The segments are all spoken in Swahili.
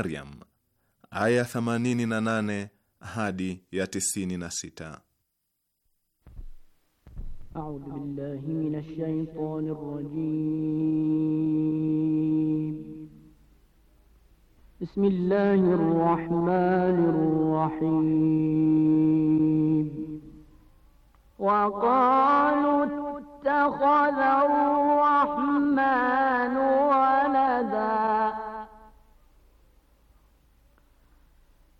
Maryam aya 88 hadi ya 96. ittakhadha ar-rahmanu walada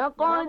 لقد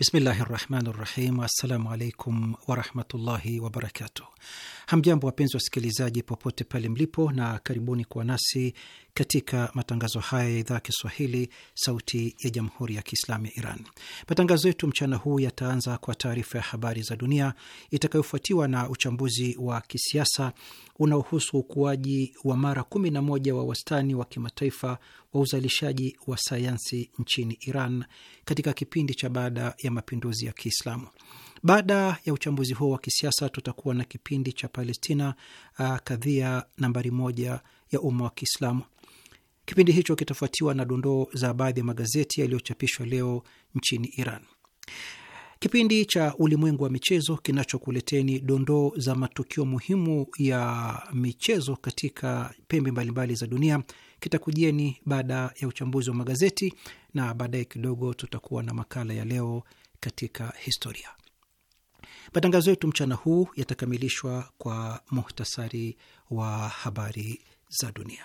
Bismillahi rahmani rahim. Assalamu alaikum warahmatullahi wabarakatuh. Hamjambo wapenzi wasikilizaji popote pale mlipo, na karibuni kuwa nasi katika matangazo haya ya idhaa Kiswahili sauti ya jamhuri ya Kiislamu ya Iran. Matangazo yetu mchana huu yataanza kwa taarifa ya habari za dunia itakayofuatiwa na uchambuzi wa kisiasa unaohusu ukuaji wa mara 11 wa wastani wa kimataifa wa uzalishaji wa sayansi nchini Iran katika kipindi cha baada ya mapinduzi ya Kiislamu. Baada ya uchambuzi huo wa kisiasa, tutakuwa na kipindi cha Palestina, uh, kadhia nambari moja ya umma wa Kiislamu. Kipindi hicho kitafuatiwa na dondoo za baadhi ya magazeti yaliyochapishwa leo nchini Iran. Kipindi cha ulimwengu wa michezo kinachokuleteni dondoo za matukio muhimu ya michezo katika pembe mbalimbali za dunia kitakujieni baada ya uchambuzi wa magazeti na baadaye kidogo tutakuwa na makala ya leo katika historia. Matangazo yetu mchana huu yatakamilishwa kwa muhtasari wa habari za dunia.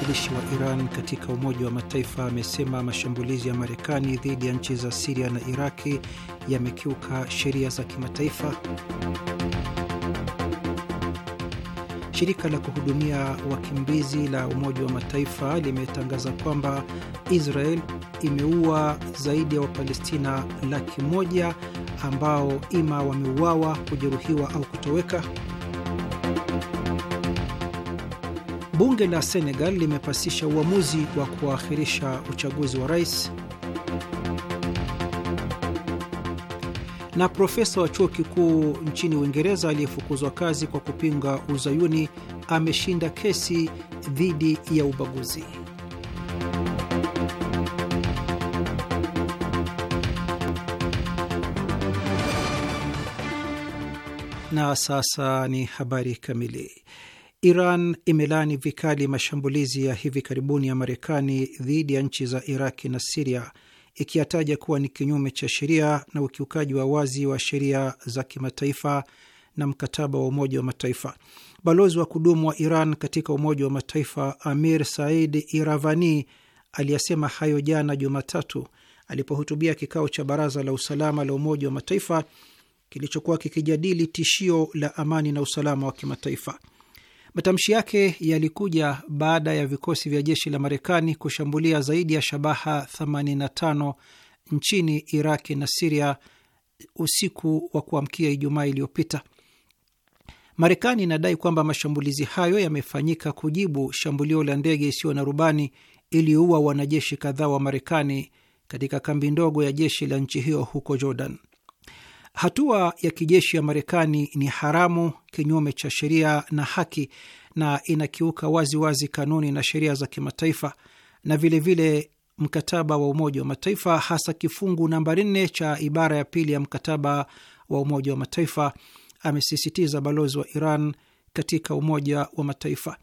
mwakilishi wa Iran katika Umoja wa Mataifa amesema mashambulizi ya Marekani dhidi ya nchi za Siria na Iraki yamekiuka sheria za kimataifa. Shirika la kuhudumia wakimbizi la Umoja wa Mataifa limetangaza kwamba Israel imeua zaidi ya Wapalestina laki moja ambao ima wameuawa, kujeruhiwa au kutoweka. Bunge la Senegal limepasisha uamuzi wa kuahirisha uchaguzi wa rais. Na profesa wa chuo kikuu nchini Uingereza aliyefukuzwa kazi kwa kupinga uzayuni ameshinda kesi dhidi ya ubaguzi. Na sasa ni habari kamili. Iran imelaani vikali mashambulizi ya hivi karibuni ya Marekani dhidi ya nchi za Iraki na Siria, ikiyataja kuwa ni kinyume cha sheria na ukiukaji wa wazi wa sheria za kimataifa na mkataba wa Umoja wa Mataifa. Balozi wa kudumu wa Iran katika Umoja wa Mataifa Amir Said Iravani aliyasema hayo jana Jumatatu alipohutubia kikao cha Baraza la Usalama la Umoja wa Mataifa kilichokuwa kikijadili tishio la amani na usalama wa kimataifa. Matamshi yake yalikuja baada ya vikosi vya jeshi la Marekani kushambulia zaidi ya shabaha 85 nchini Iraki na Siria usiku wa kuamkia Ijumaa iliyopita. Marekani inadai kwamba mashambulizi hayo yamefanyika kujibu shambulio la ndege isiyo na rubani iliyoua wanajeshi kadhaa wa Marekani katika kambi ndogo ya jeshi la nchi hiyo huko Jordan. Hatua ya kijeshi ya Marekani ni haramu, kinyume cha sheria na haki, na inakiuka waziwazi wazi kanuni na sheria za kimataifa na vilevile vile mkataba wa Umoja wa Mataifa, hasa kifungu namba nne cha ibara ya pili ya mkataba wa Umoja wa Mataifa, amesisitiza balozi wa Iran katika Umoja wa Mataifa.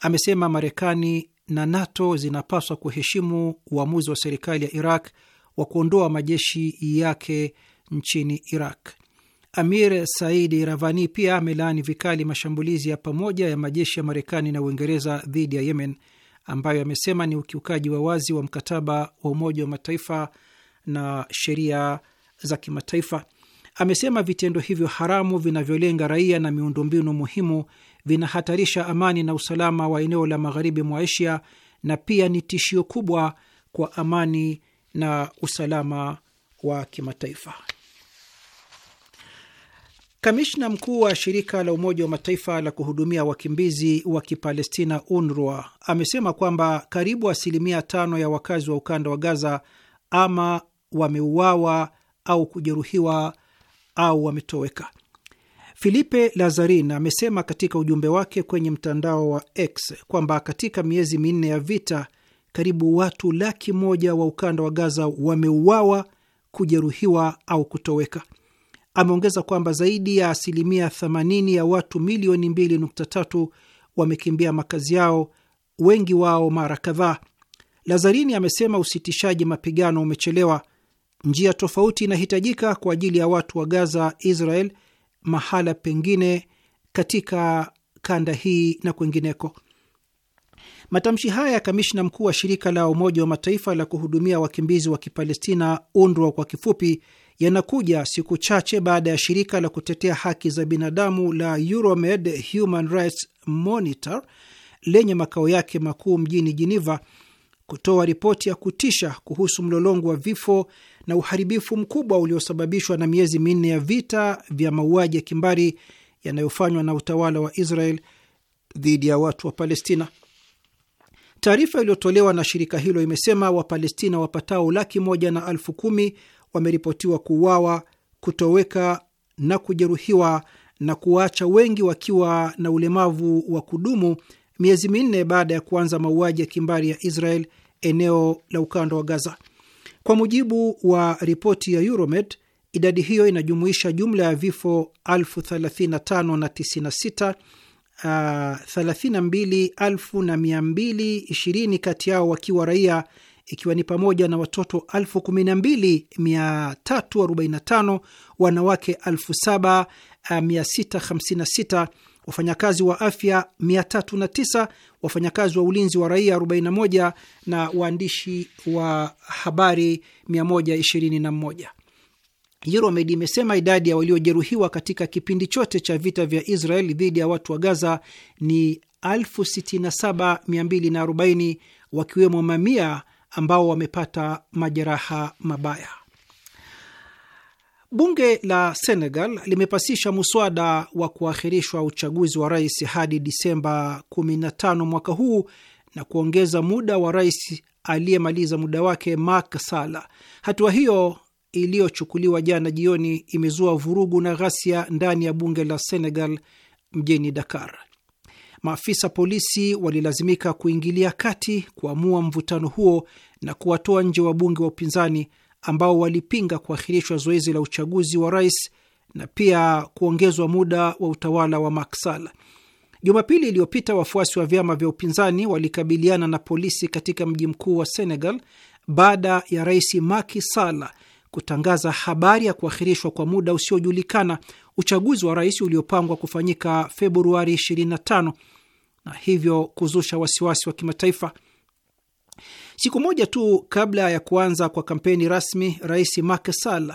Amesema Marekani na NATO zinapaswa kuheshimu uamuzi wa serikali ya Iraq wa kuondoa majeshi yake nchini Iraq. Amir Saidi Ravani pia amelaani vikali mashambulizi ya pamoja ya majeshi ya Marekani na Uingereza dhidi ya Yemen ambayo amesema ni ukiukaji wa wazi wa mkataba wa Umoja wa Mataifa na sheria za kimataifa. Amesema vitendo hivyo haramu vinavyolenga raia na miundombinu muhimu vinahatarisha amani na usalama wa eneo la magharibi mwa Asia na pia ni tishio kubwa kwa amani na usalama wa kimataifa. Kamishna mkuu wa shirika la Umoja wa Mataifa la kuhudumia wakimbizi wa Kipalestina, UNRWA, amesema kwamba karibu asilimia tano ya wakazi wa ukanda wa Gaza ama wameuawa au kujeruhiwa au wametoweka. Filipe Lazarin amesema katika ujumbe wake kwenye mtandao wa X kwamba katika miezi minne ya vita karibu watu laki moja wa ukanda wa Gaza wameuawa, kujeruhiwa au kutoweka. Ameongeza kwamba zaidi ya asilimia 80 ya watu milioni 2.3 wamekimbia makazi yao, wengi wao mara kadhaa. Lazarini amesema usitishaji mapigano umechelewa, njia tofauti inahitajika kwa ajili ya watu wa Gaza, Israel, mahala pengine katika kanda hii na kwengineko. Matamshi haya ya kamishna mkuu wa shirika la Umoja wa Mataifa la kuhudumia wakimbizi wa Kipalestina, UNRWA kwa kifupi, yanakuja siku chache baada ya shirika la kutetea haki za binadamu la Euromed Human Rights Monitor lenye makao yake makuu mjini Geneva kutoa ripoti ya kutisha kuhusu mlolongo wa vifo na uharibifu mkubwa uliosababishwa na miezi minne ya vita vya mauaji ya kimbari yanayofanywa na utawala wa Israel dhidi ya watu wa Palestina. Taarifa iliyotolewa na shirika hilo imesema Wapalestina wapatao laki moja na alfu kumi wameripotiwa kuuawa, kutoweka na kujeruhiwa na kuwaacha wengi wakiwa na ulemavu wa kudumu miezi minne baada ya kuanza mauaji ya kimbari ya Israel eneo la ukanda wa Gaza. Kwa mujibu wa ripoti ya Euromed, idadi hiyo inajumuisha jumla ya vifo 35,596, 32,220 uh, kati yao wakiwa raia ikiwa ni pamoja na watoto 12345, wanawake 7656, eh, wafanyakazi wa afya 309, wafanyakazi wa ulinzi wa raia 41 na waandishi wa habari 121. Euromed imesema idadi ya waliojeruhiwa katika kipindi chote cha vita vya Israel dhidi ya watu wa Gaza ni 67240 wakiwemo mamia ambao wamepata majeraha mabaya. Bunge la Senegal limepasisha muswada wa kuahirishwa uchaguzi wa rais hadi Disemba 15 mwaka huu na kuongeza muda wa rais aliyemaliza muda wake Macky Sall. Hatua hiyo iliyochukuliwa jana jioni imezua vurugu na ghasia ndani ya bunge la Senegal mjini Dakar maafisa polisi walilazimika kuingilia kati kuamua mvutano huo na kuwatoa nje wabunge wa upinzani ambao walipinga kuahirishwa zoezi la uchaguzi wa rais na pia kuongezwa muda wa utawala wa Maksal. Jumapili iliyopita wafuasi wa vyama vya upinzani walikabiliana na polisi katika mji mkuu wa Senegal baada ya rais Macky Sall kutangaza habari ya kuahirishwa kwa muda usiojulikana uchaguzi wa rais uliopangwa kufanyika Februari 25 na hivyo kuzusha wasiwasi wa kimataifa. Siku moja tu kabla ya kuanza kwa kampeni rasmi, Rais Macky Sall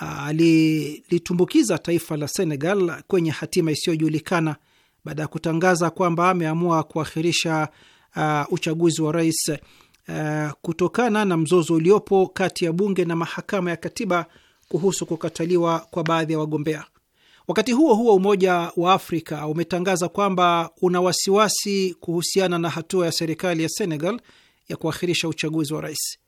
uh, alilitumbukiza taifa la Senegal kwenye hatima isiyojulikana baada ya kutangaza kwamba ameamua kuahirisha uh, uchaguzi wa rais uh, kutokana na mzozo uliopo kati ya bunge na mahakama ya katiba kuhusu kukataliwa kwa baadhi ya wagombea. Wakati huo huo, Umoja wa Afrika umetangaza kwamba una wasiwasi kuhusiana na hatua ya serikali ya Senegal ya kuahirisha uchaguzi wa rais.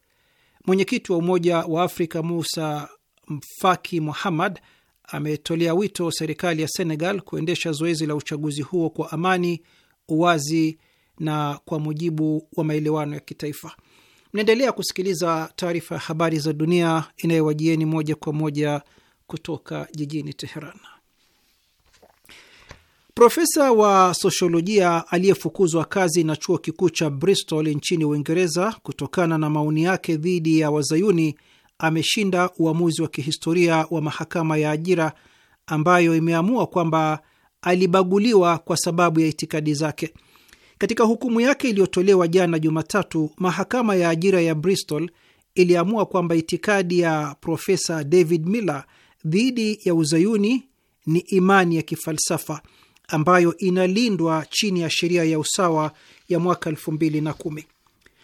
Mwenyekiti wa Umoja wa Afrika Musa Mfaki Muhammad ametolea wito serikali ya Senegal kuendesha zoezi la uchaguzi huo kwa amani, uwazi na kwa mujibu wa maelewano ya kitaifa. Mnaendelea kusikiliza taarifa ya habari za dunia inayowajieni moja kwa moja kutoka jijini Teheran. Profesa wa sosiolojia aliyefukuzwa kazi na chuo kikuu cha Bristol nchini Uingereza kutokana na maoni yake dhidi ya Wazayuni ameshinda uamuzi wa kihistoria wa mahakama ya ajira ambayo imeamua kwamba alibaguliwa kwa sababu ya itikadi zake. Katika hukumu yake iliyotolewa jana Jumatatu, mahakama ya ajira ya Bristol iliamua kwamba itikadi ya Profesa David Miller dhidi ya Uzayuni ni imani ya kifalsafa ambayo inalindwa chini ya sheria ya usawa ya mwaka 2010.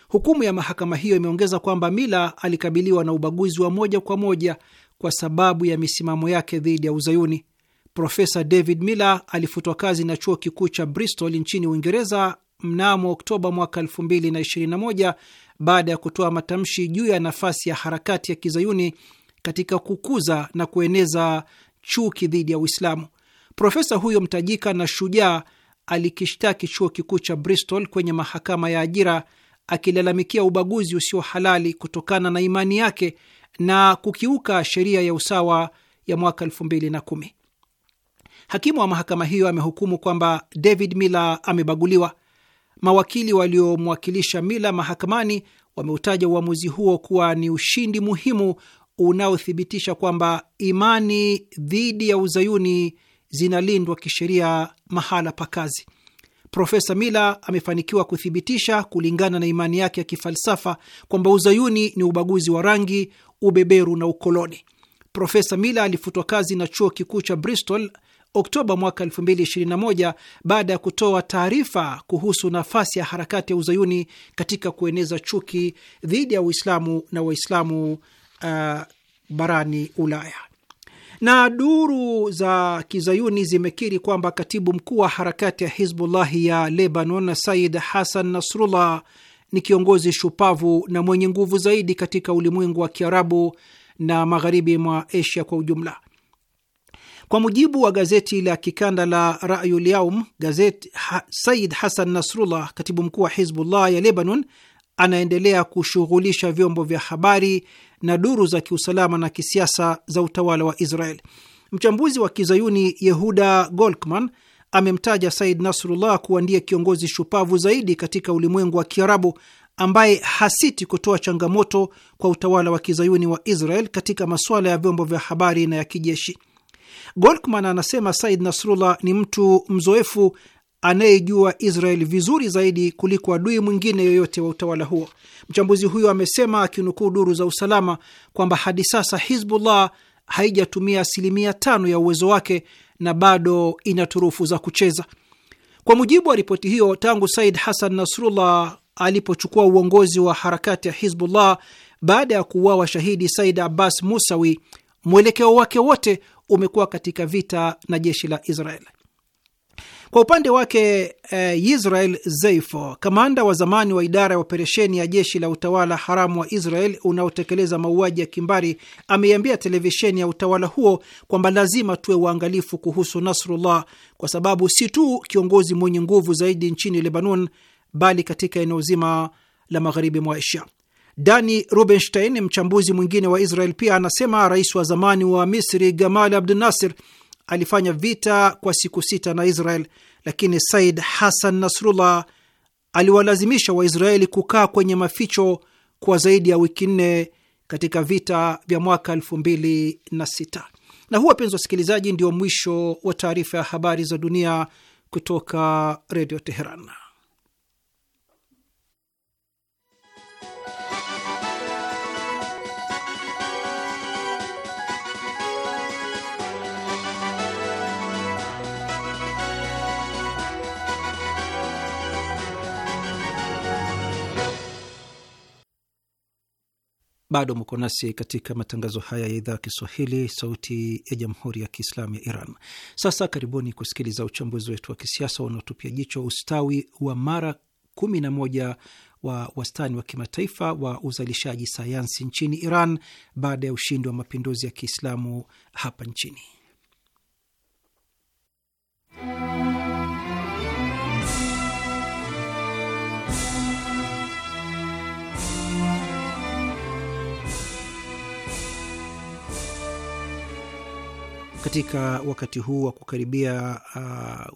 Hukumu ya mahakama hiyo imeongeza kwamba Mila alikabiliwa na ubaguzi wa moja kwa moja kwa sababu ya misimamo yake dhidi ya Uzayuni. Profesa David Miller alifutwa kazi na chuo kikuu cha Bristol nchini Uingereza mnamo Oktoba mwaka 2021 baada ya kutoa matamshi juu ya nafasi ya harakati ya kizayuni katika kukuza na kueneza chuki dhidi ya Uislamu. Profesa huyo mtajika na shujaa alikishtaki chuo kikuu cha Bristol kwenye mahakama ya ajira akilalamikia ubaguzi usio halali kutokana na imani yake na kukiuka sheria ya usawa ya mwaka 2010. Hakimu wa mahakama hiyo amehukumu kwamba David Miller amebaguliwa. Mawakili waliomwakilisha Miller mahakamani wameutaja uamuzi huo kuwa ni ushindi muhimu unaothibitisha kwamba imani dhidi ya uzayuni zinalindwa kisheria mahala pa kazi. Profesa Mila amefanikiwa kuthibitisha kulingana na imani yake ya kifalsafa kwamba uzayuni ni ubaguzi wa rangi, ubeberu na ukoloni. Profesa Mila alifutwa kazi na chuo kikuu cha Bristol Oktoba mwaka 2021 baada ya kutoa taarifa kuhusu nafasi ya harakati ya uzayuni katika kueneza chuki dhidi ya Uislamu na Waislamu uh, barani Ulaya. Na duru za kizayuni zimekiri kwamba katibu mkuu wa harakati ya Hizbullahi ya Lebanon, Said Hassan Nasrullah, ni kiongozi shupavu na mwenye nguvu zaidi katika ulimwengu wa Kiarabu na magharibi mwa Asia kwa ujumla. Kwa mujibu wa gazeti la kikanda la Rayul Yaum, gazeti ha, Said Hassan Nasrullah, katibu mkuu wa Hizbullah ya Lebanon, anaendelea kushughulisha vyombo vya habari na duru za kiusalama na kisiasa za utawala wa Israel. Mchambuzi wa kizayuni Yehuda Golkman amemtaja Said Nasrullah kuwa ndiye kiongozi shupavu zaidi katika ulimwengu wa Kiarabu ambaye hasiti kutoa changamoto kwa utawala wa kizayuni wa Israel katika masuala ya vyombo vya habari na ya kijeshi. Golkman anasema Said Nasrullah ni mtu mzoefu anayejua israel vizuri zaidi kuliko adui mwingine yoyote wa utawala huo. Mchambuzi huyo amesema akinukuu duru za usalama kwamba hadi sasa Hizbullah haijatumia asilimia tano ya uwezo wake na bado ina turufu za kucheza. Kwa mujibu wa ripoti hiyo, tangu Said Hassan Nasrullah alipochukua uongozi wa harakati ya Hizbullah baada ya kuuawa shahidi Said Abbas Musawi, mwelekeo wake wote umekuwa katika vita na jeshi la Israeli. Kwa upande wake eh, Israel Zeifo, kamanda wa zamani wa idara ya operesheni ya jeshi la utawala haramu wa Israel unaotekeleza mauaji ya kimbari, ameiambia televisheni ya utawala huo kwamba lazima tuwe waangalifu kuhusu Nasrullah kwa sababu si tu kiongozi mwenye nguvu zaidi nchini Lebanon, bali katika eneo zima la magharibi mwa Asia. Dani Rubenstein, mchambuzi mwingine wa Israel, pia anasema rais wa zamani wa Misri Gamal Abdunasir alifanya vita kwa siku sita na Israel, lakini Said Hassan Nasrullah aliwalazimisha Waisraeli kukaa kwenye maficho kwa zaidi ya wiki nne katika vita vya mwaka elfu mbili na sita. Na huu, wapenzi wasikilizaji, ndio mwisho wa taarifa ya habari za dunia kutoka Redio Teheran. Bado mko nasi katika matangazo haya ya idhaa ya Kiswahili, sauti ya jamhuri ya kiislamu ya Iran. Sasa karibuni kusikiliza uchambuzi wetu wa kisiasa unaotupia jicho ustawi wa mara kumi na moja wa wastani wa kimataifa wa uzalishaji sayansi nchini Iran baada ya ushindi wa mapinduzi ya Kiislamu hapa nchini. katika wakati huu wa kukaribia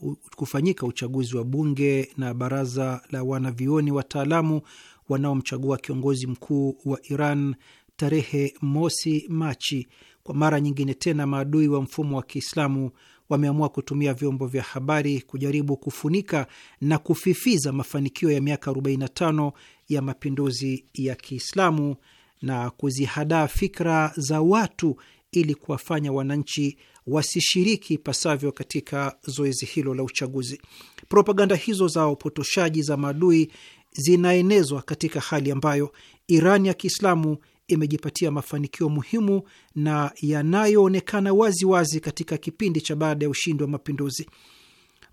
uh, kufanyika uchaguzi wa bunge na baraza la wanavioni wataalamu wanaomchagua kiongozi mkuu wa Iran tarehe mosi Machi, kwa mara nyingine tena maadui wa mfumo wa Kiislamu wameamua kutumia vyombo vya habari kujaribu kufunika na kufifiza mafanikio ya miaka 45 ya mapinduzi ya Kiislamu na kuzihadaa fikra za watu ili kuwafanya wananchi wasishiriki ipasavyo katika zoezi hilo la uchaguzi. Propaganda hizo za upotoshaji za maadui zinaenezwa katika hali ambayo Iran ya Kiislamu imejipatia mafanikio muhimu na yanayoonekana wazi wazi katika kipindi cha baada ya ushindi wa mapinduzi.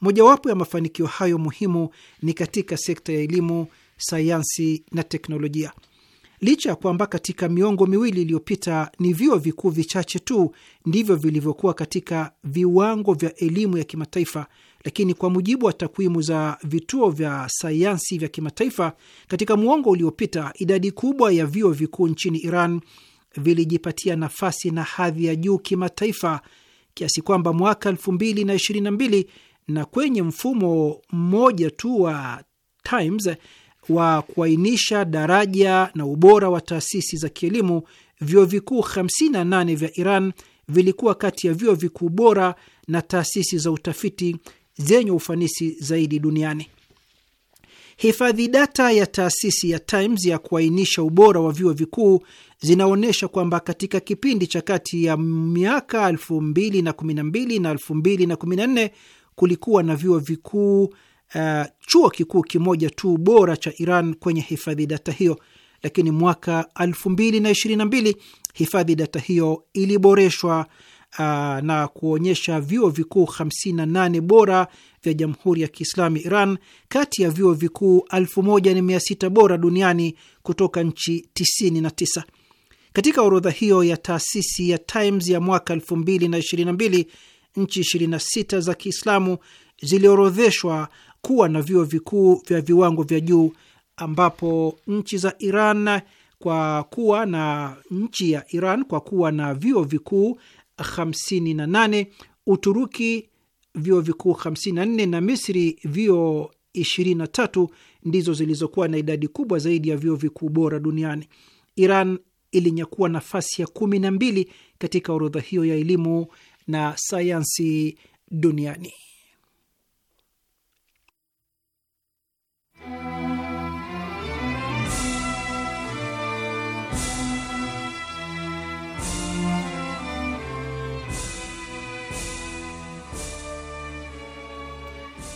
Mojawapo ya mafanikio hayo muhimu ni katika sekta ya elimu, sayansi na teknolojia licha ya kwamba katika miongo miwili iliyopita ni vyuo vikuu vichache tu ndivyo vilivyokuwa katika viwango vya elimu ya kimataifa, lakini kwa mujibu wa takwimu za vituo vya sayansi vya kimataifa, katika muongo uliopita idadi kubwa ya vyuo vikuu nchini Iran vilijipatia nafasi na hadhi ya juu kimataifa kiasi kwamba mwaka 2022 na kwenye mfumo mmoja tu wa Times wa kuainisha daraja na ubora wa taasisi za kielimu, vyuo vikuu 58 vya Iran vilikuwa kati ya vyuo vikuu bora na taasisi za utafiti zenye ufanisi zaidi duniani. Hifadhi data ya taasisi ya Times ya kuainisha ubora wa vyuo vikuu zinaonyesha kwamba katika kipindi cha kati ya miaka 2012 na 2014 kulikuwa na vyuo vikuu uh, chuo kikuu kimoja tu bora cha Iran kwenye hifadhi data hiyo, lakini mwaka 2022 hifadhi data hiyo iliboreshwa uh, na kuonyesha vyuo vikuu 58 bora vya Jamhuri ya Kiislamu Iran kati ya vyuo vikuu 1600 bora duniani kutoka nchi 99. Katika orodha hiyo ya taasisi ya Times ya mwaka 2022 nchi 26 za Kiislamu ziliorodheshwa kuwa na vyuo vikuu vya viwango vya juu ambapo nchi za Iran kwa kuwa na nchi ya Iran kwa kuwa na vyuo vikuu 58, Uturuki vyuo vikuu 54 na Misri vyuo 23 ndizo zilizokuwa na idadi kubwa zaidi ya vyuo vikuu bora duniani. Iran ilinyakua nafasi ya kumi na mbili katika orodha hiyo ya elimu na sayansi duniani.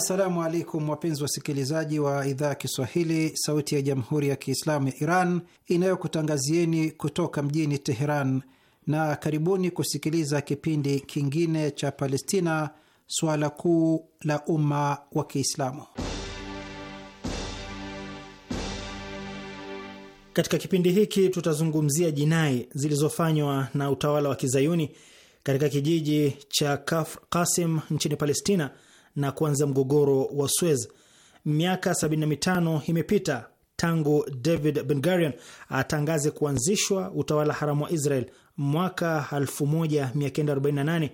Assalamu alaikum wapenzi wasikilizaji wa idhaa ya Kiswahili, sauti ya jamhuri ya kiislamu ya Iran inayokutangazieni kutoka mjini Teheran, na karibuni kusikiliza kipindi kingine cha Palestina, suala kuu la umma wa Kiislamu. Katika kipindi hiki tutazungumzia jinai zilizofanywa na utawala wa kizayuni katika kijiji cha Kafr Kasim nchini Palestina na kuanza mgogoro wa Suez. Miaka 75 imepita tangu David Ben-Gurion atangaze kuanzishwa utawala haramu wa Israel mwaka 1948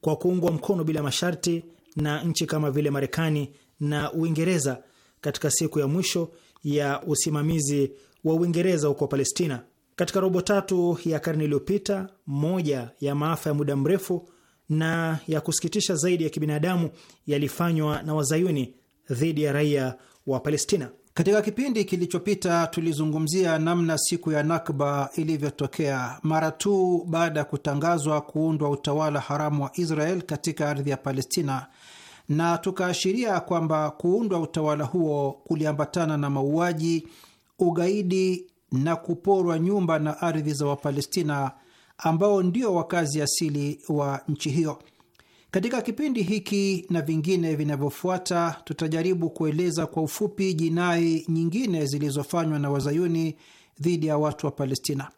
kwa kuungwa mkono bila masharti na nchi kama vile Marekani na Uingereza katika siku ya mwisho ya usimamizi wa Uingereza huko Palestina. Katika robo tatu ya karne iliyopita, moja ya maafa ya muda mrefu na ya kusikitisha zaidi ya kibinadamu yalifanywa na wazayuni dhidi ya raia wa Palestina. Katika kipindi kilichopita tulizungumzia namna siku ya Nakba ilivyotokea mara tu baada ya kutangazwa kuundwa utawala haramu wa Israel katika ardhi ya Palestina, na tukaashiria kwamba kuundwa utawala huo kuliambatana na mauaji, ugaidi na kuporwa nyumba na ardhi za Wapalestina ambao ndio wakazi asili wa nchi hiyo. Katika kipindi hiki na vingine vinavyofuata, tutajaribu kueleza kwa ufupi jinai nyingine zilizofanywa na wazayuni dhidi ya watu wa Palestina.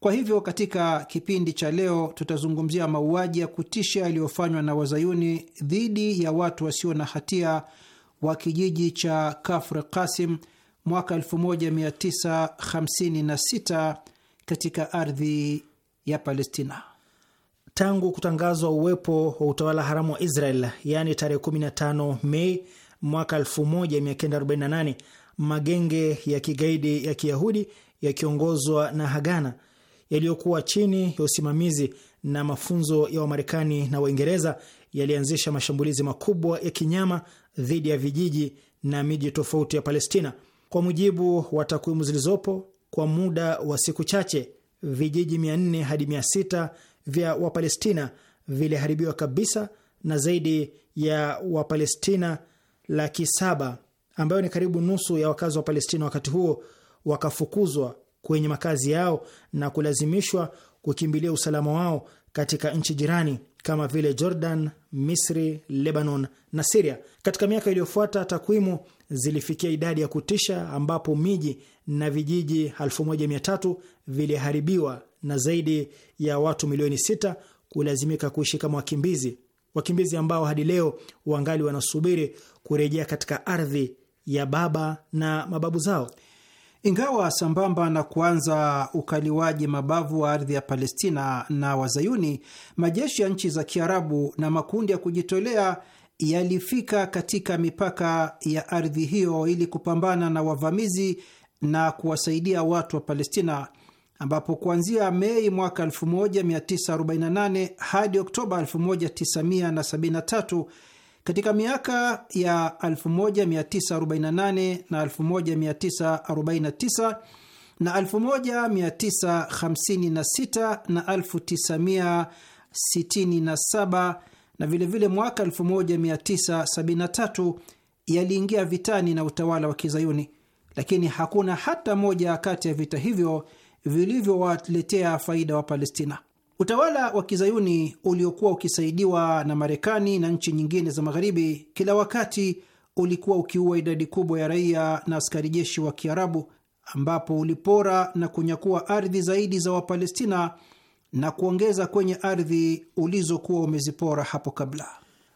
Kwa hivyo, katika kipindi cha leo tutazungumzia mauaji ya kutisha yaliyofanywa na wazayuni dhidi ya watu wasio na hatia wa kijiji cha Kafr Kasim mwaka 1956 katika ardhi ya Palestina. Tangu kutangazwa uwepo wa utawala haramu wa Israel, yaani tarehe 15 Mei mwaka 1948, magenge ya kigaidi ya Kiyahudi yakiongozwa na Hagana yaliyokuwa chini ya usimamizi na mafunzo ya Wamarekani na Waingereza yalianzisha mashambulizi makubwa ya kinyama dhidi ya vijiji na miji tofauti ya Palestina. Kwa mujibu wa takwimu zilizopo, kwa muda wa siku chache vijiji 400 hadi 600 vya Wapalestina viliharibiwa kabisa na zaidi ya Wapalestina laki saba ambayo ni karibu nusu ya wakazi wa Palestina wakati huo wakafukuzwa kwenye makazi yao na kulazimishwa kukimbilia usalama wao katika nchi jirani kama vile Jordan, Misri, Lebanon na Siria. Katika miaka iliyofuata takwimu zilifikia idadi ya kutisha ambapo miji na vijiji 1300 viliharibiwa na zaidi ya watu milioni 6 kulazimika kuishi kama wakimbizi, wakimbizi ambao hadi leo wangali wanasubiri kurejea katika ardhi ya baba na mababu zao. Ingawa sambamba na kuanza ukaliwaji mabavu wa ardhi ya Palestina na Wazayuni, majeshi ya nchi za Kiarabu na makundi ya kujitolea yalifika katika mipaka ya ardhi hiyo ili kupambana na wavamizi na kuwasaidia watu wa Palestina, ambapo kuanzia Mei mwaka 1948 hadi Oktoba 1973 katika miaka ya 1948 na 1949 na 1956 na 1967 na vilevile mwaka 1973 yaliingia vitani na utawala wa Kizayuni lakini hakuna hata moja kati ya vita hivyo vilivyowaletea faida wa Palestina. Utawala wa kizayuni uliokuwa ukisaidiwa na Marekani na nchi nyingine za Magharibi kila wakati ulikuwa ukiua idadi kubwa ya raia na askari jeshi wa Kiarabu, ambapo ulipora na kunyakua ardhi zaidi za Wapalestina na kuongeza kwenye ardhi ulizokuwa umezipora hapo kabla.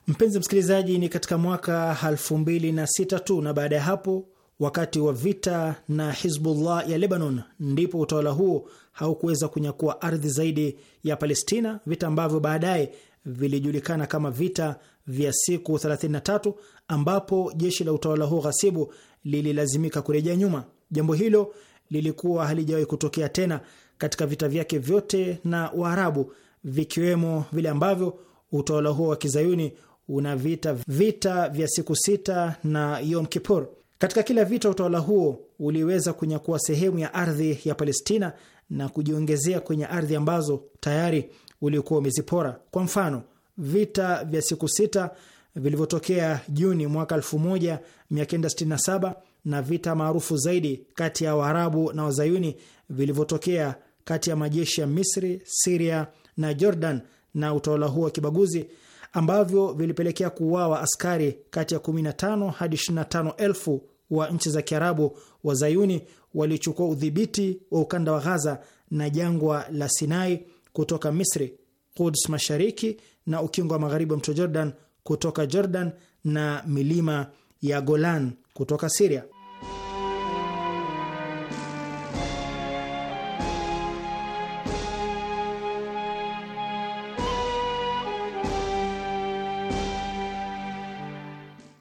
Mpenzi msikilizaji, ni katika mwaka 2006 tu na baada ya hapo wakati wa vita na Hizbullah ya Lebanon, ndipo utawala huo haukuweza kunyakua ardhi zaidi ya Palestina, vita ambavyo baadaye vilijulikana kama vita vya siku 33 ambapo jeshi la utawala huo ghasibu lililazimika kurejea nyuma. Jambo hilo lilikuwa halijawahi kutokea tena katika vita vyake vyote na Waarabu, vikiwemo vile ambavyo utawala huo wa kizayuni una vita vita vya siku sita na Yom Kippur. Katika kila vita, utawala huo uliweza kunyakua sehemu ya ardhi ya Palestina na kujiongezea kwenye ardhi ambazo tayari ulikuwa umezipora. Kwa mfano, vita vya siku sita vilivyotokea Juni mwaka 1967 na vita maarufu zaidi kati ya Waarabu na Wazayuni vilivyotokea kati ya majeshi ya Misri, Siria na Jordan na utawala huo wa kibaguzi ambavyo vilipelekea kuuawa askari kati ya 15 hadi 25 elfu wa nchi za Kiarabu wa zayuni walichukua udhibiti wa ukanda wa Ghaza na jangwa la Sinai kutoka Misri, Quds mashariki na ukingo wa magharibi wa mto Jordan kutoka Jordan na milima ya Golan kutoka Siria.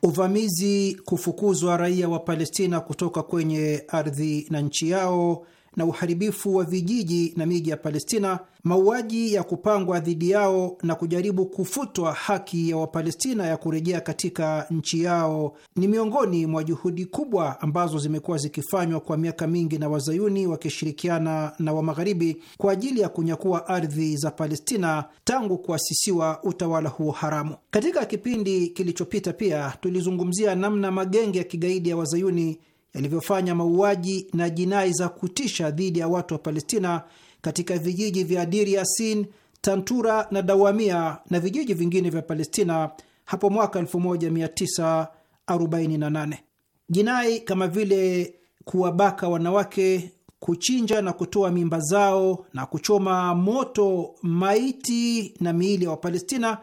uvamizi, kufukuzwa raia wa Palestina kutoka kwenye ardhi na nchi yao na uharibifu wa vijiji na miji ya Palestina, mauaji ya kupangwa dhidi yao na kujaribu kufutwa haki ya Wapalestina ya kurejea katika nchi yao ni miongoni mwa juhudi kubwa ambazo zimekuwa zikifanywa kwa miaka mingi na Wazayuni wakishirikiana na wa Magharibi kwa ajili ya kunyakua ardhi za Palestina tangu kuasisiwa utawala huo haramu. Katika kipindi kilichopita pia tulizungumzia namna magenge ya kigaidi ya Wazayuni yalivyofanya mauaji na jinai za kutisha dhidi ya watu wa Palestina katika vijiji vya Dir Yasin, Tantura na Dawamia na vijiji vingine vya Palestina hapo mwaka 1948. Jinai kama vile kuwabaka wanawake, kuchinja na kutoa mimba zao na kuchoma moto maiti na miili ya Wapalestina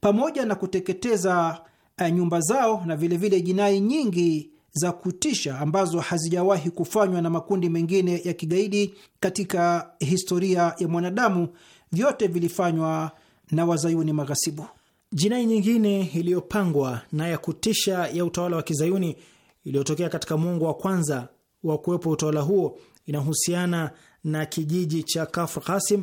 pamoja na kuteketeza eh, nyumba zao na vilevile jinai nyingi za kutisha ambazo hazijawahi kufanywa na makundi mengine ya kigaidi katika historia ya mwanadamu, vyote vilifanywa na wazayuni maghasibu. Jinai nyingine iliyopangwa na ya kutisha ya utawala wa kizayuni iliyotokea katika mwongo wa kwanza wa kuwepo utawala huo inahusiana na kijiji cha Kafr Qasim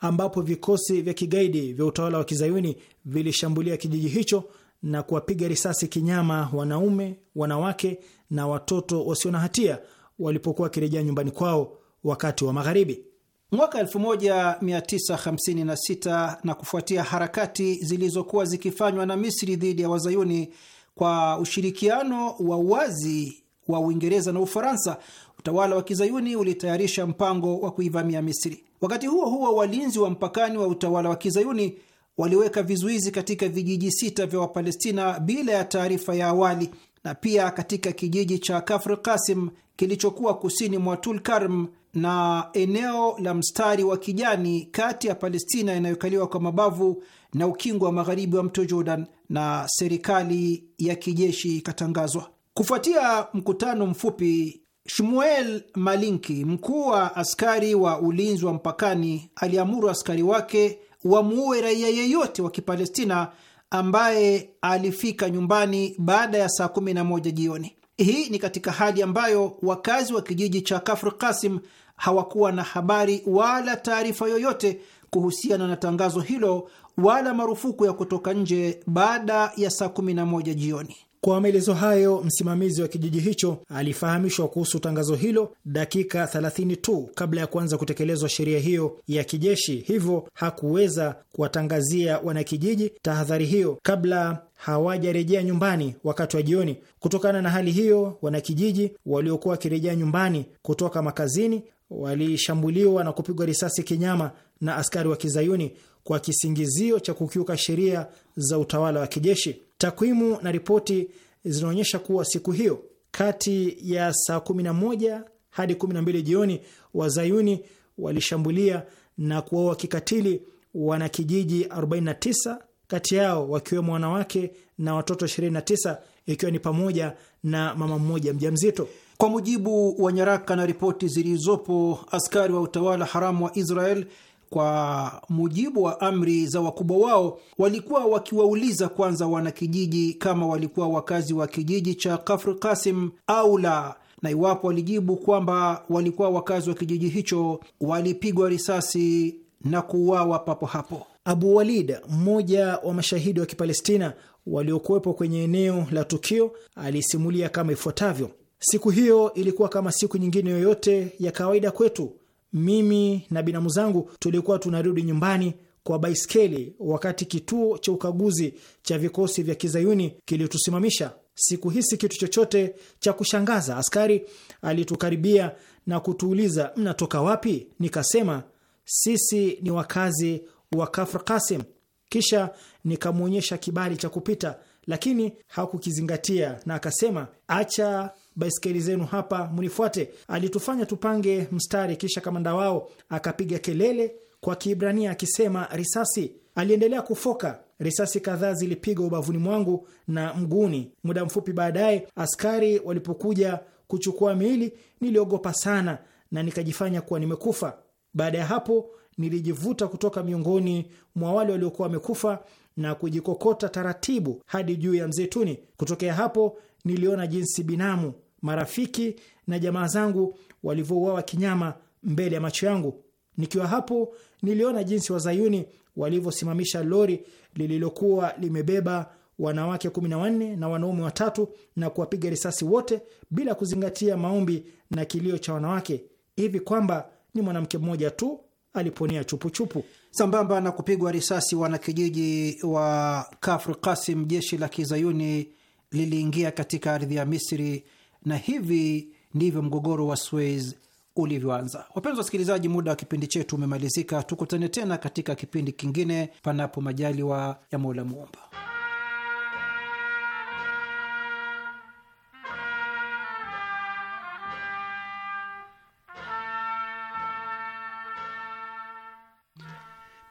ambapo vikosi vya kigaidi vya utawala wa kizayuni vilishambulia kijiji hicho na kuwapiga risasi kinyama wanaume, wanawake na watoto wasio na hatia walipokuwa wakirejea nyumbani kwao wakati wa magharibi mwaka 1956 na kufuatia harakati zilizokuwa zikifanywa na Misri dhidi ya Wazayuni kwa ushirikiano wa wazi wa Uingereza na Ufaransa, utawala wa Kizayuni ulitayarisha mpango wa kuivamia Misri. Wakati huo huo, walinzi wa mpakani wa utawala wa Kizayuni waliweka vizuizi katika vijiji sita vya Wapalestina bila ya taarifa ya awali na pia katika kijiji cha Kafr Kasim kilichokuwa kusini mwa Tulkarm na eneo la mstari wa kijani kati ya Palestina inayokaliwa kwa mabavu na ukingo wa magharibi wa mto Jordan, na serikali ya kijeshi ikatangazwa. Kufuatia mkutano mfupi, Shmuel Malinki, mkuu wa askari wa ulinzi wa mpakani, aliamuru askari wake wamuue raia yeyote wa Kipalestina ambaye alifika nyumbani baada ya saa 11 jioni. Hii ni katika hali ambayo wakazi wa kijiji cha Kafr Kasim hawakuwa na habari wala taarifa yoyote kuhusiana na tangazo hilo wala marufuku ya kutoka nje baada ya saa moja jioni. Kwa maelezo hayo, msimamizi wa kijiji hicho alifahamishwa kuhusu tangazo hilo dakika 30 tu kabla ya kuanza kutekelezwa sheria hiyo ya kijeshi, hivyo hakuweza kuwatangazia wanakijiji tahadhari hiyo kabla hawajarejea nyumbani wakati wa jioni. Kutokana na hali hiyo, wanakijiji waliokuwa wakirejea nyumbani kutoka makazini walishambuliwa na kupigwa risasi kinyama na askari wa Kizayuni kwa kisingizio cha kukiuka sheria za utawala wa kijeshi. Takwimu na ripoti zinaonyesha kuwa siku hiyo kati ya saa 11 hadi 12 jioni, wazayuni walishambulia na kuwaua kikatili wanakijiji 49 kati yao wakiwemo wanawake na watoto 29 ikiwa ni pamoja na mama mmoja mjamzito. Kwa mujibu wa nyaraka na ripoti zilizopo, askari wa utawala haramu wa Israel kwa mujibu wa amri za wakubwa wao, walikuwa wakiwauliza kwanza wanakijiji kama walikuwa wakazi wa kijiji cha Kafr Kasim au la, na iwapo walijibu kwamba walikuwa wakazi wa kijiji hicho, walipigwa risasi na kuuawa papo hapo. Abu Walid, mmoja wa mashahidi wa Kipalestina waliokuwepo kwenye eneo la tukio, alisimulia kama ifuatavyo: siku hiyo ilikuwa kama siku nyingine yoyote ya kawaida kwetu mimi na binamu zangu tulikuwa tunarudi nyumbani kwa baiskeli wakati kituo cha ukaguzi cha vikosi vya kizayuni kilitusimamisha. Siku hisi kitu chochote cha kushangaza. Askari alitukaribia na kutuuliza, mnatoka wapi? Nikasema sisi ni wakazi wa Kafr Kasim, kisha nikamwonyesha kibali cha kupita, lakini hakukizingatia na akasema acha baiskeli zenu hapa, mnifuate. Alitufanya tupange mstari, kisha kamanda wao akapiga kelele kwa Kiibrania akisema risasi. Aliendelea kufoka. Risasi kadhaa zilipigwa ubavuni mwangu na mguuni. Muda mfupi baadaye, askari walipokuja kuchukua miili, niliogopa sana na nikajifanya kuwa nimekufa. Baada ya hapo, nilijivuta kutoka miongoni mwa wale waliokuwa wamekufa na kujikokota taratibu hadi juu ya mzeituni. Kutokea hapo, niliona jinsi binamu marafiki na jamaa zangu walivyouawa kinyama mbele ya macho yangu. Nikiwa hapo, niliona jinsi wazayuni walivyosimamisha lori lililokuwa limebeba wanawake 14 na wanaume watatu na kuwapiga risasi wote bila kuzingatia maombi na kilio cha wanawake, hivi kwamba ni mwanamke mmoja tu aliponea chupuchupu. Sambamba na kupigwa risasi wanakijiji wa Kafr Kasim, jeshi la kizayuni liliingia katika ardhi ya Misri na hivi ndivyo mgogoro wa Suez ulivyoanza. Wapenzi wasikilizaji, muda wa kipindi chetu umemalizika. Tukutane tena katika kipindi kingine, panapo majaliwa ya Mola Muumba.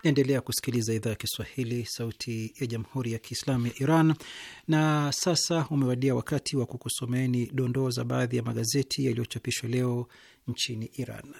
Naendelea kusikiliza idhaa ya Kiswahili, sauti ya jamhuri ya kiislamu ya Iran. Na sasa umewadia wakati wa kukusomeni dondoo za baadhi ya magazeti yaliyochapishwa leo nchini Iran.